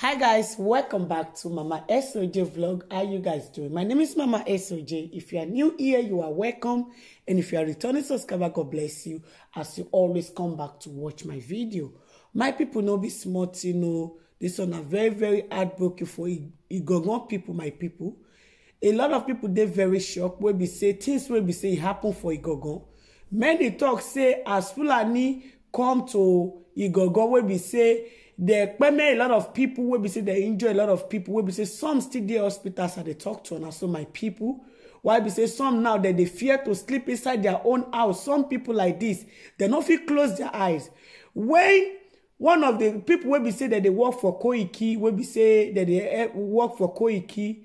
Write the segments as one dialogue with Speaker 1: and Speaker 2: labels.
Speaker 1: hi guys welcome back to mama soj vlog how you guys doing my name is mama soj if you are new here you are welcome and if you are returning subscriber god bless you as you always come back to watch my video my people no be small you know this one are very very heartbroken for igogon people my people a lot of people dey very shocked wey we say things wey be say happen for igogon many talk say as fulani come to igogon wey we say dey kpeme a lot of people, wey be say they injure a lot of people. wey be say some still the hospitals that they talk to and so my people. why be say some now that they fear to sleep inside their own house some people like this, they not feel close their eyes When one of the people wey be say that they work for koiki wey be say that they eh, work for koiki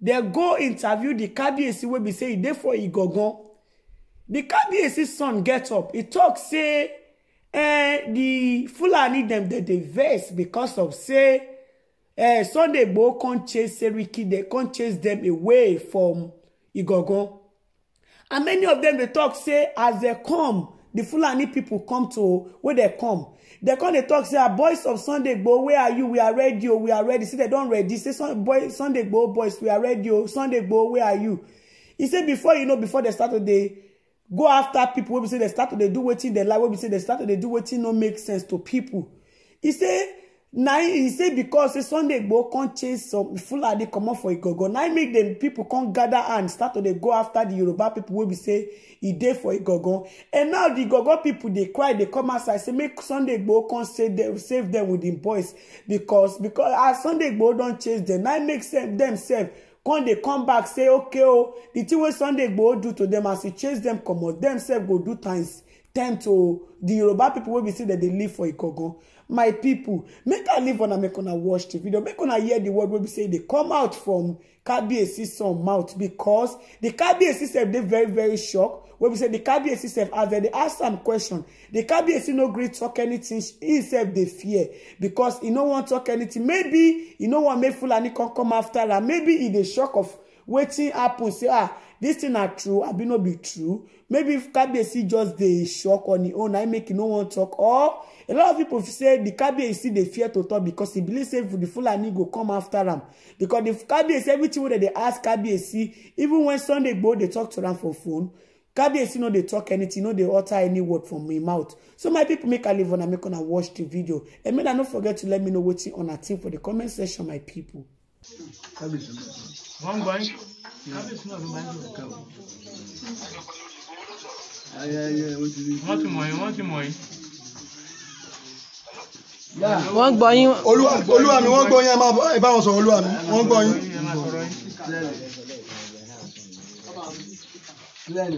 Speaker 1: They go interview the kabiyesi wey be say e dey for igogon The kabiyesi son get up He tok say Eh, the fulani them dem dey vex becos of say eh, sunday gboo can't chase seriki they can't chase them away from igogon and many of them they talk say as they come the fulani people come to where they come They come they talk say our ah, boys of sunday gboo where are you we are ready oh, we are ready See they don't ready say sunday gboo boys we are ready oh, sunday gboo where are you He said before you know before they start to dey go after people. wey be say dem start to dey do wetin dem like wey be say dem start to dey do wetin no make sense to people. e say na e say because say sunday gboo come chase some fulani comot for igogo na im make dem people come gather hand start to dey go after the yoruba people. wey be say e dey for igogo and now the igogo people, dey cry dey come outside say make sunday gboo come save them. Save them with him boys because because as sunday gboo don chase them. na im make them sef come dey come back say okay o oh. the thing wey sunday go do to them as e chase them, comot dem sef go do times ten to the yoruba people wey be say dem dey live for ikogan my people, make i leave on make una watch di video make una hear the word wey be say dey come out from kabiyesi son mouth because the kabiyesi sef dey very very shocked wey be say the kabiyesi sef as dem dey ask am question The kabiyesi no gree talk anything. he sef dey fear because he no wan talk anything. maybe he no wan make fulani come come after am maybe e dey shock of wetin happen say ah This thing are true abi no be true maybe if kabiyesi just dey shock on im e own na im make im e no wan talk or a lot of people say the kabiyesi dey fear to talk because e believe say the fulani go come after am because the kabiyesi everything wey dem dey ask kabiyesi even when sunday igboho dey talk to am for phone kabiyesi no dey talk anything no dey utter any word from im mouth so my people make i leave una make una watch the video and make i no forget to let me know wetin una think for the comment section my people.
Speaker 2: pipo kábíyèsí náà ló
Speaker 3: máa
Speaker 1: ń dùn kàn.
Speaker 2: wọ́n ti mọ̀ yín wọ́n ti mọ̀ yín.
Speaker 3: wọ́n gbọ́ yín. olúwa mi wọ́n gbọ́ yín ẹ bá wọn sọ̀rọ̀ olúwa mi wọ́n gbọ́ yín.
Speaker 2: Thank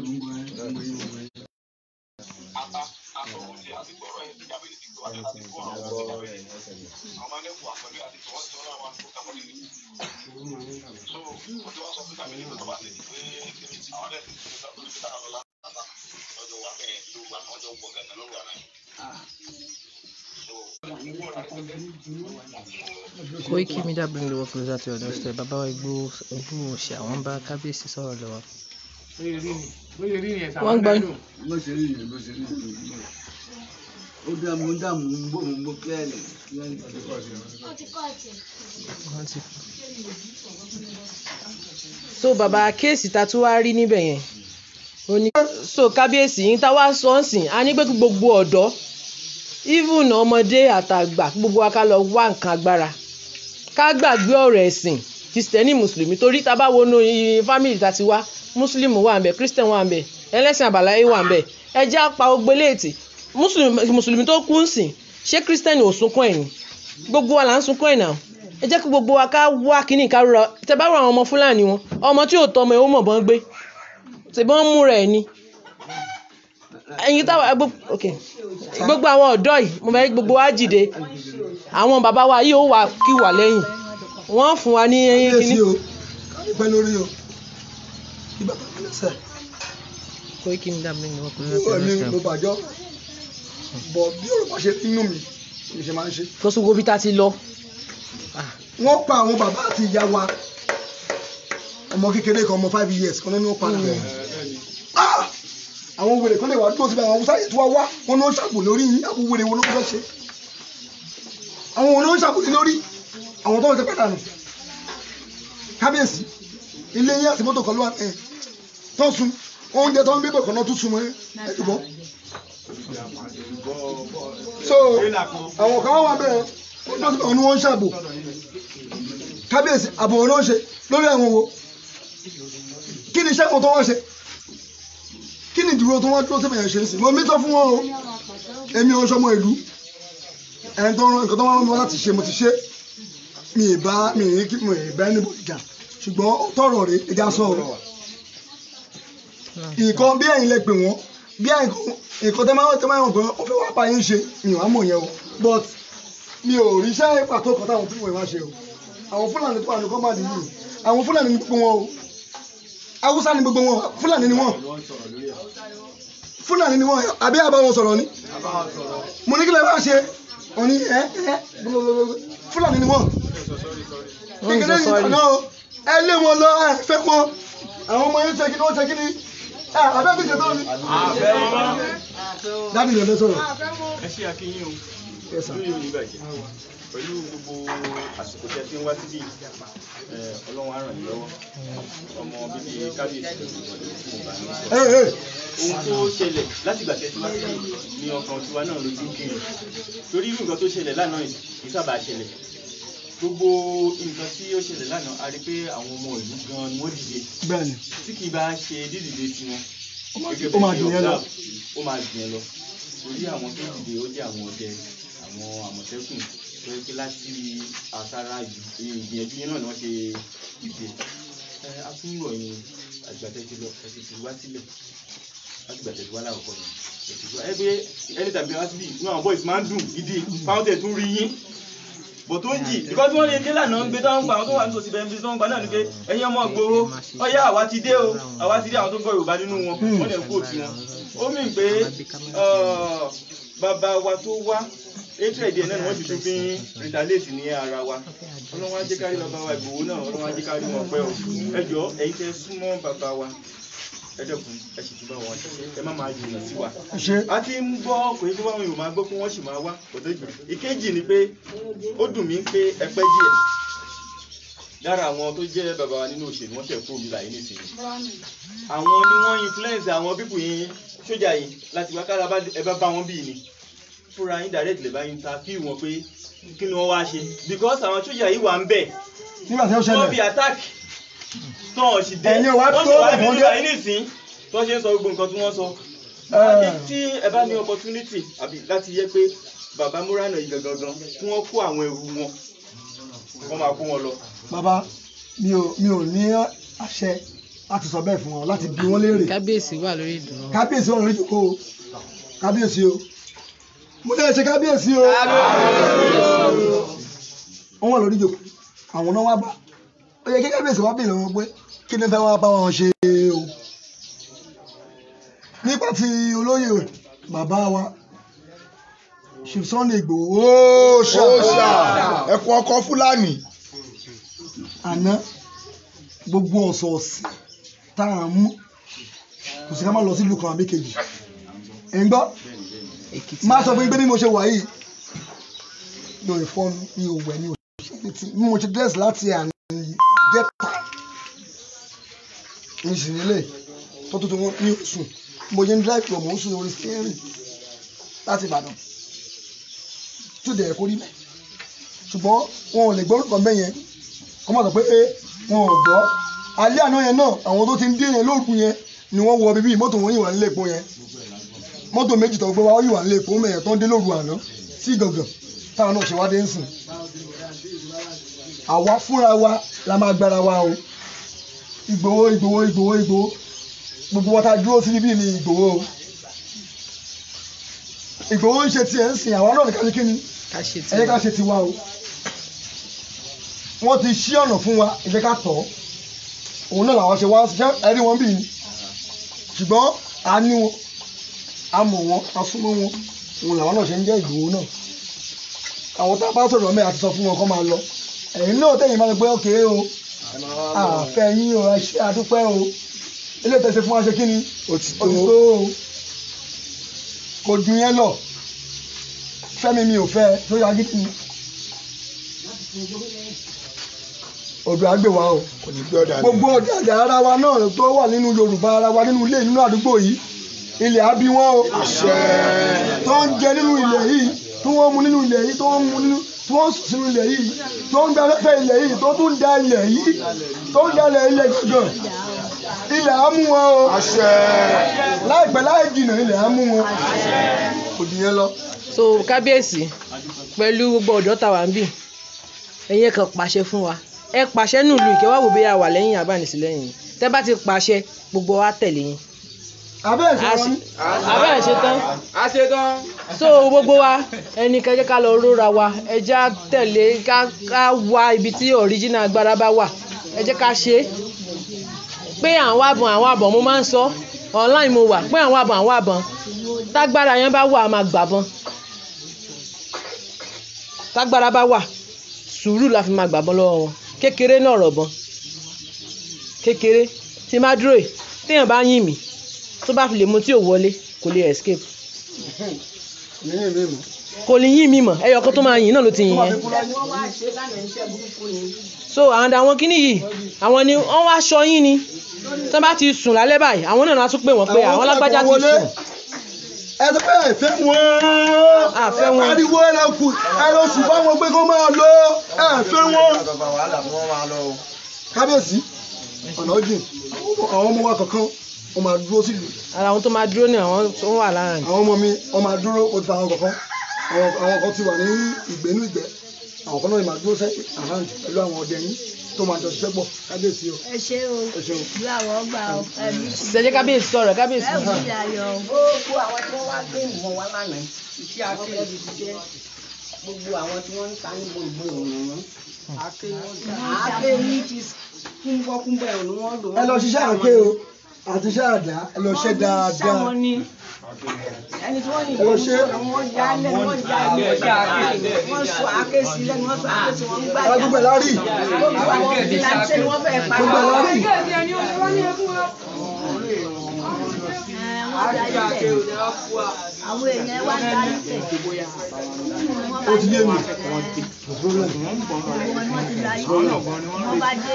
Speaker 2: you
Speaker 3: so wọ́n ti wá sọ pé fámìlì mi tó bá lè ní pé kíni tí àwọn ẹ̀sìn
Speaker 4: ti Bàbá wa igbó igbó àwọn bá kábíyèsí sọ̀rọ̀ lọ́wọ́.
Speaker 2: Wọ́n gbọ́ ó dààmú ó dààmú ń bò ń bò kílẹ̀lì kílẹ̀lì. so bàbá
Speaker 4: kéèsì ta tún wá rí níbẹ̀ yẹn ó ní. so kábíyèsí yín tá wá sọ ń sìn á ní pé gbogbo ọ̀dọ́ even ọmọdé àtàgbà gbogbo wa ká lọ wá nǹkan agbára ká gbàgbé ọ̀rọ̀ ẹ̀sìn kìrìsìtẹ́nì mùsùlùmí torí tá a bá wọnú fámìlì tá a ti wá mùsùlùmí wà ń bẹ̀ kírísítẹ̀n wà ń bẹ̀ ẹlẹ́sìn àbáláyé wà ń bẹ̀ ẹjẹ́ apá ogbélé ètì mùsùlùmí tó kú ń sìn ṣé kírísítẹ́nì ò sunkún ẹ̀ ni gbogbo wa là ń sunkún ẹ̀ náà ẹ jẹ́ kí gbogbo wa ká wá kíní ká rọra tẹ bá rọ àwọn ọmọ fúlàní wọn ọmọ tí ò tọ́ ọmọ ẹ̀ ó mọ̀ bọ́n gbé tẹ̀bí wọ́n mú rẹ̀ ni ẹ̀yin táwa gbogbo àwọn ọ̀dọ́ yìí mo fẹ́ gbogbo wa dìde àwọn bàbá wa yìí ó wà kí wà lẹ́yìn wọ́n fún wa ní ẹyin kíní. pẹ́ o kí bàbá mi lọ sẹ́ẹ̀. kó lọ́sẹ̀ lọ́sẹ̀ bọ̀ bí Yorùbá ṣe nínú mi mi ṣe máa ń ṣe. fọṣù wo bí ta ti lọ.
Speaker 3: wọ́n pa àwọn bàbá àti ìyá wa ọmọ kékeré kan ọmọ five years kan nínú padà hmm. ah! àwọn wèrè kan lè wá dúró síbi àwọn haúsá ètò àwa wọn ni wọn ṣàgbò lórí yín àwọn wèrè wọn ló fẹ́ ṣe àwọn wọn ni wọn ṣàgbò lórí àwọn tó ń ṣe pẹ́ dànù kábíyèsí ilé yín àti mọ́tò kan ló wà ẹ̀ tó sun oúnjẹ tó ń bíbọ̀ kan náà tó sun mọ́ ẹ̀ ẹ̀ dùbọ̀ so àwọn kan wà bẹ́ẹ̀ dókítà òun ni wọ́n ń ṣàbò kábíyèsí àbò òun ló ń ṣe lórí àwọn wo kí ni iṣẹ́ kan tó wọ́n ṣe kí ni ìdúró tó wọ́n dúró sí bẹ̀rẹ̀ ṣe é sí mo mítọ́ fún wọn o èmi ò sọmọ ìlú ẹni tó rán nǹkan tó wọ́n rán mi láti ṣe mo ti ṣe mi ì bá mi ì kí mo ì bá ẹni bò jà ṣùgbọ́n tọrọ rẹ ẹja sọ̀rọ̀ nǹkan bí ẹ̀yin lẹ pè wọ́n bí nǹkan tẹ́ máa ń tẹ́ máa ń rò pé fẹ́ wá bá yín ṣe mi ò wá mọ̀ yẹn o but mi ò ríṣẹ́ pàtó kan táwọn fúlàní wá ṣe o àwọn fúlàní tó wà ní kọ́mbàdì yìí àwọn fúlàní ní gbogbo wọn o haúsá ní gbogbo wọn fúlàní ni wọn fúlàní ni wọn àbí àbá wọn sọ̀rọ̀ ni mo ní kí lè bá ṣe wọn ní ẹ ẹ fúlàní ni wọn ìgbẹ́lẹ́yìn náà ẹ lé wọn lọ ẹ fẹ́ wọn àwọn ọmọ yẹn ṣe kí ẹ ah, abẹ́ mi ṣètò mi. dábì lè lè sọ̀rọ̀. Ah, ẹ ṣe
Speaker 2: akínyìn o lórí ìlú ìbàjẹ́ pẹ̀lú gbogbo àsìkò tí a ti ń wá síbí ọlọ́run á ràn yín lọ́wọ́ ọmọ bíbí kábíyèsí ìgbọ̀dọ̀ tí mo bá ní sọ. ohun tó ṣẹlẹ̀ láti ìgbà tẹ́tí wá síbí ni ọkàn tiwa náà lójú kiri torí irú nǹkan tó ṣẹlẹ̀ lánàá yìí kì í sábà ṣẹlẹ̀ gbogbo nǹkan tí ó ṣẹlẹ̀ lánàá a rí pé àwọn ọmọ ìlú gan ni wọ́n dìde bẹ́ẹ̀ni tí kì í bá ṣe dídìde tiwọn ó máa dùn yẹn lọ ó máa dùn yẹn lọ torí àwọn tó dìde ó jẹ́ àwọn ọdẹ àwọn àmọ̀tẹ́kùn tó yẹ pé láti àtàrà ìgbìyànjú yẹn náà ni wọ́n ṣe dìde akúnyọ̀ yẹn àgbàtẹ́jú lọ ẹ̀sìn ti wá sílẹ̀ láti gbàtẹ́jú wá láwùkọ́ yẹn ẹ̀sìn ti wá ẹgbẹ́ ẹni tàbí wá síbí inú àwọn boys máa ń dùn gidi fáwọn tẹ̀ tún rí yín bòtó jì because wọ́n lè dé lànà ń gbé tó ń pa àwọn tó wà ní sòsì bẹ́ẹ̀ tó ń pa náà ni pé ẹ̀yin ọmọ gbowó hmm. ọyá àwa ti dé o àwa ti dé àwọn tó ń gbọ́ Yorùbá nínú wọn hmm. wọ́n lè kú òtí wọn ó mì pé uh, bàbá wa tó wá ètò ẹ̀dí ẹ̀ náà wọ́n ti tún fi ń retaliate ní ara wa ọlọ́wọ́n ajé kárí bàbá wa Ìgbòho náà ọlọ́wọ́n ajé kárí wọn pẹ́ o ẹjọ́ ẹ̀yin tẹ́ súnmọ́ bàbá wa ẹdẹkùn ẹ sì a ti ń gbọ́ pé bí wọ́n yóò máa gbọ́ pé wọ́n sì máa wá òtó jù ìkejì ni pé ó dùn mí pé ẹ pẹ́ díẹ̀ lára àwọn tó jẹ́ bàbá wa nínú òṣèlú wọ́n ṣẹ̀ kó mi láyé nísìnyí àwọn ni wọ́n influence àwọn pípù yín sójà yìí láti wá kára ẹ bá bá wọn bí ni fúnra yín direct lè bá yín ta fí wọn pé kí ni wọ́n wá ṣe because àwọn sójà yìí wà ń bẹ̀ wọ́n fi tó ọ̀ sì dé ẹ̀yin wa tó ọ̀hún dé ẹ̀yin nìsín tó ṣe ń sọ gbogbo nǹkan tí wọ́n sọ. Ah. tí ẹ bá ní opportunity àbí láti yẹ pé bàbá múránà yìí gangan kí wọ́n kó àwọn ẹrù wọn
Speaker 4: wọ́n máa
Speaker 3: kó wọn lọ. bàbá mi ò mi ò ní àṣẹ láti sọ bẹ́ẹ̀ fún wọn láti bí wọ́n léèrè.
Speaker 4: kábíyèsí wà lórí ìdùnnú.
Speaker 3: kábíyèsí wà lórí ìdùnnú o kábíyèsí o mo lè ṣe kábíyèsí o. kábíyèsí o. ìjòkó àwọn náà wá bá ó yẹ kí kábíyèsí wá bìlẹ̀ wọn pé kí ni fẹ́ wá bá wọn ṣe o nípa ti olóyè bàbá wa Chief Sunday Igboho ó ṣá ẹkọ ọkọ Fúlàní àná gbogbo ọ̀sọ̀ọ̀sẹ̀ tá à ń mú kò sí ká má lọ sí ìlú kan àbí kejì ẹ̀ ń gbọ́
Speaker 4: má sọ fún yín pé bí mo ṣe wà
Speaker 3: yìí mi ò fọ́n mi ò wẹ̀ mi ò ṣe é létí mo ṣe dẹ́sì láti àná gẹ́ta ìṣìnlẹ̀ tó tó tó wọn ní oṣù mo yẹn ń dráìpì ọmọ oṣù orí stẹ́rìn láti Ìbàdàn tó dẹ̀ kórí mẹ́ ṣùgbọ́n wọn ò lè gbọ́ orúkọ bẹ́ẹ̀ yẹn kọ́ má sọ pé ẹ wọn ò gbọ́ alẹ́ àná yẹn náà àwọn tó ti ń dé yẹn lóògùn yẹn ni wọ́n wọ bíbí mọ́tò wọn yìí wà nílé epo yẹn mọ́tò méjì tó gbé wa ó yìí wà nílé epo mẹ́yẹn tó ń dé lóru àná sí gàngàn táwọn náà ṣe wá dé ń sìn àwa fúnra wa la máa gbára wa o Ìgbòho Ìgbòho Ìgbòho Ìgbòho gbogbo wọn ta dúró sí bíbí ni Ìgbòho o Ìgbòho ń ṣe tiẹ̀ ń sìn àwa náà nìkan ní kíni ẹ̀yẹ ká ṣe tiwa o wọ́n ti ṣí ọ̀nà fún wa ẹ̀jẹ̀ ká tọ̀ òun náà làwọn ṣe wá ṣiṣẹ́ ẹ̀rí wọn bì í ṣùgbọ́n a ní wọn a mọ̀ wọn a súnmọ́ wọn òun làwọn náà ṣe ń jẹ́ Ìgbòho náà àwọn tá a bá sọ̀rọ̀ mẹ́ àti sọ fún wọn kó máa lọ ẹ̀yin náà tẹ̀yìn máa ń pẹ́ òkè o àfẹ́ yín o ṣe àdúpẹ́ o ilé ìtẹ̀sẹ̀ fún wa ṣe kí ni òtítọ́ o kò dùn yẹn lọ fẹ́mi mi ò fẹ́ tó yà gidi ni odò àgbèwà o gbogbo ọ̀dàdà ara wa náà tó wà nínú Yorùbá ara wa nínú ilé nínú àdúgbò yìí ilẹ̀ á bí wọn o tó ń jẹ nínú ilẹ̀ yìí tó wọ́n mu nínú ilẹ̀ yìí tó wọ́n mu nínú tí wọ́n sun ilẹ̀ yìí tó ń darẹ́fẹ́ ilẹ̀ yìí tó tún da ilẹ̀ yìí tó ń dalẹ̀ ilẹ̀ gangan ilẹ̀ á mú wọn o láìpẹ́ láì jìnnà ilẹ̀ á mú wọn
Speaker 4: kò dìyẹn lọ. so kábíyèsí pẹ̀lú gbogbo ọ̀dọ́ tàwa ń bì ẹ̀yin kan pàṣẹ fún wa ẹ pàṣẹ nùlù ìkẹwàá wò bí a wà lẹ́yìn àbánisílẹ́yìn tẹ́ bá ti pàṣẹ gbogbo wa tẹ̀lé yín abẹ́rẹ́ ṣe tán a ṣe tán. so gbogbo wa ẹnìkan jẹ́ ká lọ róra wa ẹ jẹ́ á tẹ̀lé ká wá ibi tí original agbára bá wà ẹ jẹ́ ká ṣe é pé àwọn àbọ̀n àwọn àbọ̀n mo máa ń sọ online mo wà pé àwọn àbọ̀n àwọn àbọ̀n tágbára yẹn bá wà á máa gbàbọn tágbára bá wà sùúrù la fi máa gbàbọn lọ́wọ́ wọn kékeré náà rọ̀bọn kékeré tí má dúró yìí téèyàn bá yìn mí tó bá fi lè mu tí ò wọlé kò lè escape kò lè yín mímọ ẹyọ kan tó máa yìn náà ló ti yìn yẹn so àwọn àwọn kíní yìí àwọn ni wọn wá aṣọ yín ni tó bá ti sùn lálẹ́ báyìí àwọn náà lásán pé wọ́n pé àwọn lágbájá ti sùn ẹsẹ pé ẹfẹ
Speaker 3: wọn ẹfẹ wọn ariwo ẹranku ẹranku bá wọn pé kó máa lọ ẹfẹ wọn
Speaker 4: kábíyèsí ọ̀nà ọ̀jìn àwọn ọmọ wa kankan wọ́n máa dúró sílùú. ara àwọn tó máa dúró ni àwọn tó wà lára yìí. àwọn ọmọ mi wọ́n
Speaker 3: máa dúró o ti fa àwọn kọ̀ọ̀kan àwọn kan ti wà ní ìgbénú ìgbẹ́ àwọn kan náà máa dúró sẹ́ àhánd pẹ̀lú àwọn ọdẹ yín tó máa jọ ṣiṣẹ́ pọ̀ kábíyèsí o. ẹ ṣe o ẹ ṣe o.
Speaker 4: bí àwọn
Speaker 1: ọgbà ẹbí. ṣèjẹ́ kábíyèsí sọ̀rọ̀ kábíyèsí. ẹ wù mí ayọ̀
Speaker 4: gbogbo àwọn tí wọ́n wá gbé ìmọ̀ wa lánàá iṣẹ́ akéwì ti jẹ́ gbogbo àwọn tí wọ́n ń ta ní gbogbo òun akéwì ti kúnbọ́kúnbọ́ ẹ̀ ni wọ́n lò. ẹ lọ ṣiṣẹ́ àké
Speaker 2: o
Speaker 3: àti iṣẹ́ àdá ẹ dáadáa ẹni
Speaker 2: tí wọ́n yìí ló
Speaker 4: ń sọ
Speaker 1: wọ́n ya lẹ́ wọ́n ya lẹ́ wọ́n sọ àáké lẹ́nu wọ́n sọ
Speaker 4: àáké sí wọ́n gbà yà gbogbo ẹ̀ lárì gbogbo ẹ̀ lárì
Speaker 3: àwọn
Speaker 2: èèyàn wá ń darí tẹ̀. ó ti yé mi wọ́n bá dé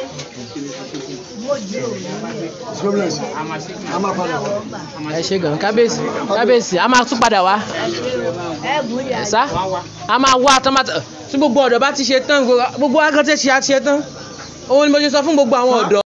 Speaker 2: wọ́n dé òní.
Speaker 4: ẹ ṣe gan kábíyèsí kábíyèsí a máa tún padà wá ẹ̀sà a máa wá tomata tí gbogbo ọ̀dọ́ bá ti ṣe tán gbogbo akọ́tẹ́ ṣe á ṣe tán òun ni mo ṣe sọ fún gbogbo àwọn ọ̀dọ́.